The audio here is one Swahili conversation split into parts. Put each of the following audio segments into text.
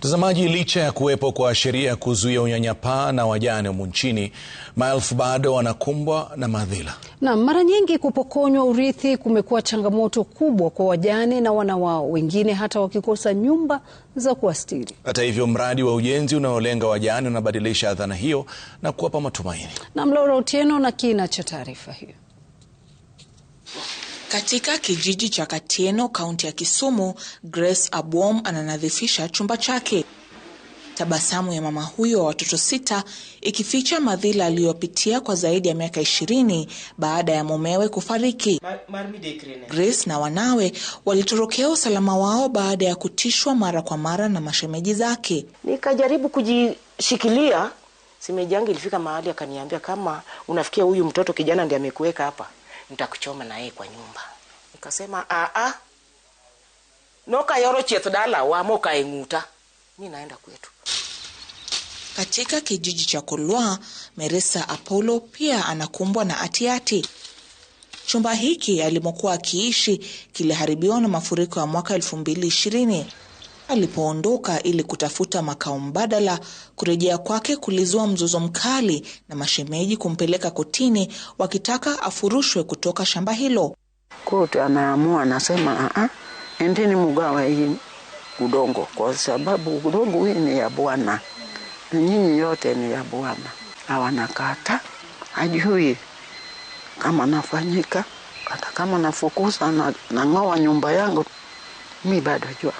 Mtazamaji, licha ya kuwepo kwa sheria ya kuzuia unyanyapaa na wajane humu nchini, maelfu bado wanakumbwa na madhila. Na mara nyingi kupokonywa urithi kumekuwa changamoto kubwa kwa wajane na wana wao, wengine hata wakikosa nyumba za kuastiri. Hata hivyo, mradi wa ujenzi unaolenga wajane unabadilisha dhana hiyo na kuwapa matumaini. Na Mlaura Otieno na kina cha taarifa hiyo. Katika kijiji cha Katieno, kaunti ya Kisumu, Grace Abwom ananadhifisha chumba chake. Tabasamu ya mama huyo wa watoto sita ikificha madhila aliyopitia kwa zaidi ya miaka ishirini baada ya mumewe kufariki. Grace na wanawe walitorokea usalama wao baada ya kutishwa mara kwa mara na mashemeji zake. Nikajaribu kujishikilia, simejangi ilifika mahali akaniambia, kama unafikia huyu mtoto kijana ndiye amekuweka hapa nitakuchoma na yeye kwa nyumba. Nikasema aa, noka yoro chieth dala wamo kaeng'uta mi naenda kwetu. Katika kijiji cha Kulwa, Meresa Apollo pia anakumbwa na atiati Chumba hiki alimokuwa akiishi kiliharibiwa na mafuriko ya mwaka elfu mbili ishirini alipoondoka ili kutafuta makao mbadala, kurejea kwake kulizua mzozo mkali na mashemeji kumpeleka kotini wakitaka afurushwe kutoka shamba hilo. Kotu anaamua anasema, a endeni mugawa hii udongo, kwa sababu udongo hii ni ya Bwana na nyinyi yote ni ya Bwana. Awanakata ajui kama nafanyika hata kama nafukuza na, nang'oa nyumba yangu mi bado jua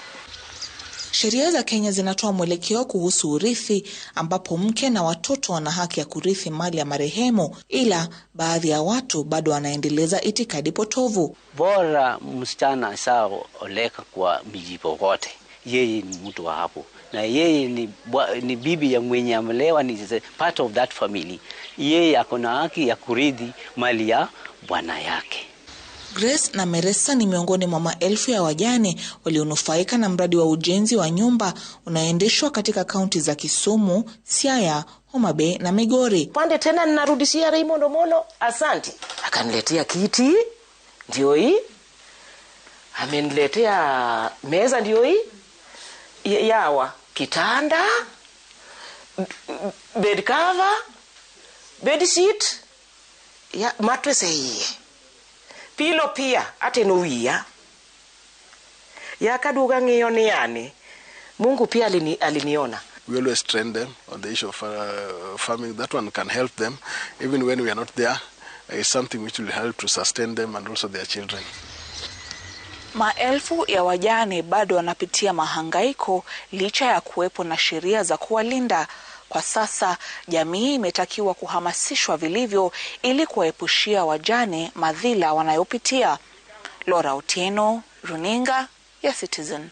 Sheria za Kenya zinatoa mwelekeo kuhusu urithi ambapo mke na watoto wana haki ya kurithi mali ya marehemu, ila baadhi ya watu bado wanaendeleza itikadi potovu. Bora msichana oleka kwa miji popote, yeye ni mtu wa hapo na yeye ni, ni bibi ya mwenye amelewa, ni part of that family. Yeye ako na haki ya kurithi mali ya bwana yake. Grace na Meresa ni miongoni mwa maelfu ya wajane walionufaika na mradi wa ujenzi wa nyumba unaoendeshwa katika kaunti za Kisumu, Siaya, Homa Bay na Migori. Pande tena ninarudishia Raymond Omolo, asante. Akaniletea kiti ndio hii, ameniletea meza ndio hii, yawa kitanda, bed cover, bed sheet, ya mattress hii pilo pia ate nowiya yakaduga ng'iyo ni yani mungu pia alini, aliniona we always train them on the issue of uh, farming that one can help them even when we are not there uh, It's something which will help to sustain them and also their children Maelfu ya wajane bado wanapitia mahangaiko licha ya kuwepo na sheria za kuwalinda. Kwa sasa jamii imetakiwa kuhamasishwa vilivyo ili kuwaepushia wajane madhila wanayopitia. Laura Otieno, Runinga ya Citizen.